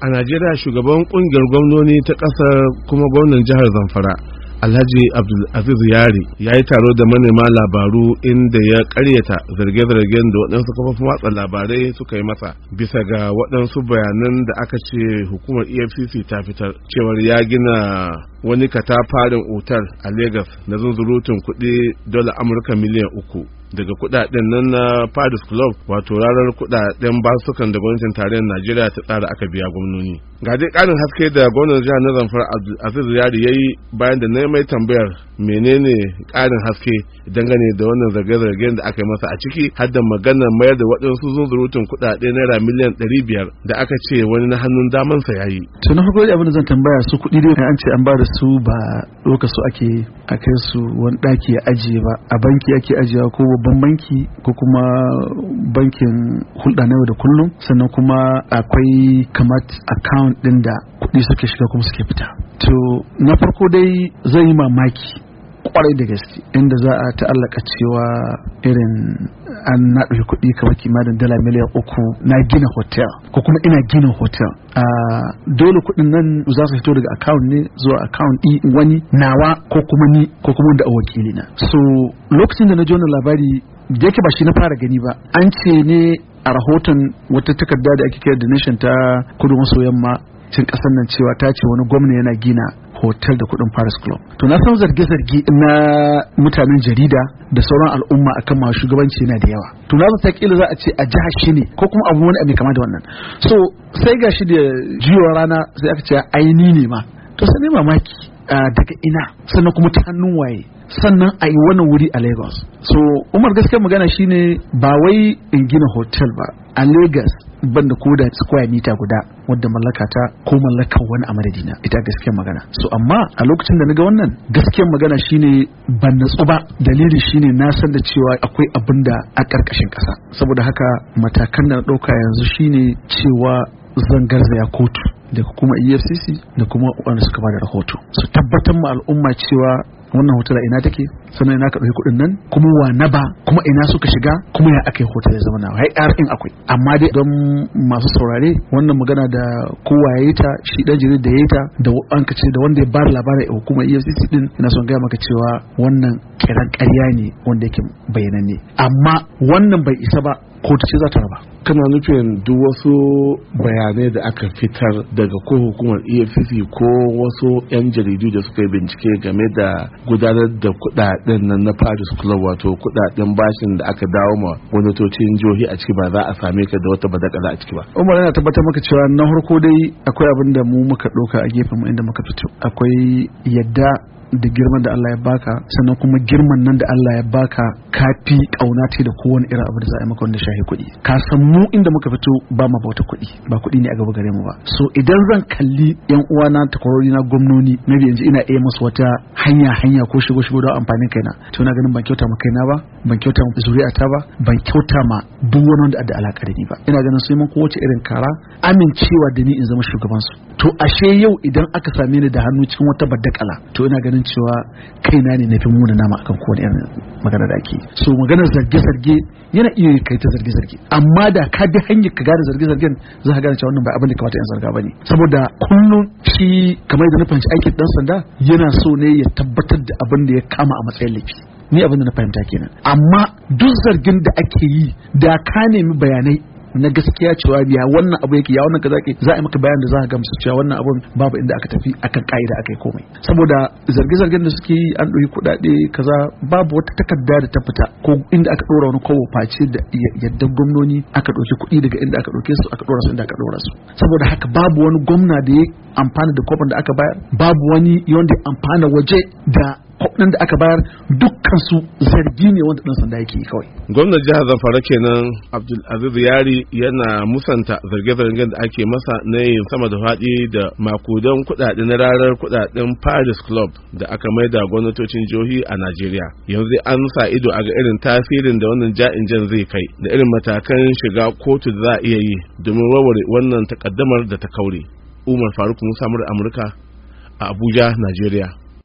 a najeriya shugaban kungiyar gwamnoni ta kasar kuma gwamnan jihar zamfara alhaji abdulaziz yari ya yi taro da manema labaru inda ya karyata zarge-zargen da waɗansu kafafin watsa labarai suka yi masa bisa ga waɗansu bayanan da aka ce hukumar efcc ta fitar cewar ya gina wani katafarin otal a Legas na zunzurutun kuɗi dola amurka miliyan uku daga kudaden nan na Paris Club wato ranar kudaden basukan da gwamnatin tarayyar Najeriya ta tsara aka biya gwamnoni. Ga dai karin haske da gwamnan jihar na Zamfara Aziz Yari yi bayan da na mai tambayar menene karin haske dangane da wannan zarge-zargen da aka yi masa a ciki har da maganar mayar da waɗansu zunzurutun kuɗaɗe naira miliyan ɗari biyar da aka ce wani na hannun damansa ya yi. to na hukumar abin da zan tambaya su kuɗi dai an ce an ba da su ba ɗauka su ake a kai su wani ɗaki ya ajiye ba a banki ake ajiyewa ko babban banki ko kuma bankin hulɗa na yau da kullum sannan kuma akwai kamat account ɗin da kuɗi suke shiga kuma suke fita to na farko dai zai yi mamaki kwarai da gaske inda za a ta'allaka cewa irin an na kuɗi kamar kimanin dala miliyan uku na gina hotel ko kuma ina gina hotel a dole kuɗin nan za su fito daga account ne zuwa account ɗi wani nawa ko kuma ni ko kuma da wakili na so lokacin da na ji wannan labari da yake ba shi na fara gani ba an ce ne a rahoton wata takarda da ake kira da nation ta kudu maso yamma cin kasar nan cewa ta ce wani gwamna yana gina hotel da kudin Paris Club. To na san zarge-zarge na mutanen jarida da sauran al'umma akan masu shugabanci yana da yawa. To na ta kila za a ce a jihar shi ne ko kuma abu wani abu kama da wannan. So sai gashi da jiwa rana sai aka ce aini ne ma. To sai ne mamaki daga ina sannan kuma ta hannun waye. sannan a yi wannan wuri a Lagos. So Umar gaskiyar magana shine ba wai in gina hotel ba a Lagos banda da square mita guda wadda mallaka ta ko mallakar wani a madadina ita gaskiyar magana so amma a lokacin da naga wannan gaskiyar magana shine ban natsu ba dalili shine na san da cewa akwai abin da a karkashin kasa saboda haka matakan da na dauka yanzu shine cewa zan garzaya kotu e da kuma efcc da kuma wanda suka ba da rahoto su tabbatar ma al'umma cewa wannan hotel ina take sannan ina ka ɗauki kuɗin nan kuma wa na ba kuma ina suka shiga kuma ya aka yi hotel ya zama nawa har in akwai amma dai don masu saurare wannan magana da kowa ya yi ta shi dan jirin da ya yi ta da an ka ce da wanda ya bada labarin hukumar EFCC din ina son gaya maka cewa wannan kiran ƙarya ne wanda yake bayyananne amma wannan bai isa ba kotu ce za ta raba kana nufin duk wasu bayanai da aka fitar daga ko hukumar efcc ko wasu 'yan jaridu da suka yi bincike game da gudanar da kudaden nan na paris club wato kudaden bashin da aka dawo ma gwamnatocin jihohi a ciki ba za a same ka da wata badakala a ciki ba umar yana tabbatar maka cewa na farko dai akwai abin da mu muka ɗauka a gefen mu inda muka fito akwai yadda da girman da Allah ya baka sannan kuma girman nan da Allah ya baka kafi fi kauna ce da kowane irin abu da za a yi maka wanda shahi kuɗi ka san mu inda muka fito ba ma bauta kuɗi ba kuɗi ne a gaba gare mu ba so idan zan kalli yan uwana takwarori na gwamnoni na yanzu ina iya musu wata hanya hanya ko shigo shigo don amfanin kaina to na ganin ban kyauta ma kaina ba ban kyauta ma ta ba ban kyauta ma duk wani wanda da alaka da ni ba ina ganin sai mun kowace irin kara amincewa da ni in zama shugaban su to ashe yau idan aka same ni da hannu cikin wata baddakala to ina ganin ganin cewa kaina ne na fi muna nama akan kowane irin magana da ake so maganar zarge-zarge yana iya kai ta zarge-zarge amma da ka bi hanyar ka gane zarge-zargen za ka gane cewa wannan ba abin da kamata yan zarga bane saboda kullum shi kamar da na fahimci aikin dan sanda yana so ne ya tabbatar da abin da ya kama a matsayin laifi ni abin da na fahimta kenan amma duk zargin da ake yi da ka nemi bayanai na gaskiya cewa biya wannan abu yake ya wannan kaza ke za a yi maka bayan da za ka gamsu cewa wannan abun babu inda aka tafi akan ka'ida aka yi komai saboda zarge-zargen da suke yi an ɗoyi kuɗaɗe kaza babu wata takarda da ta fita ko inda aka ɗora wani kowa face da yadda gwamnoni aka ɗauki kuɗi daga inda aka ɗauke su aka ɗora su inda aka ɗora su saboda haka babu wani gwamna da ya amfana da kofar da aka bayar babu wani wanda ya amfana waje da kudin da aka bayar dukkan su zargi ne wanda ɗan sanda yake kawai gwamnan jihar zamfara kenan abdul aziz yari yana musanta zarge-zargen da ake masa na yin sama da faɗi da makudan kuɗaɗe na rarar kuɗaɗen paris club da aka maida gwamnatocin jihohi a najeriya yanzu an sa ido a ga irin tasirin da wannan ja'in jan zai kai da irin matakan shiga kotu da za a iya yi domin warware wannan takaddamar da ta kaure umar faruk musa amurka a abuja najeriya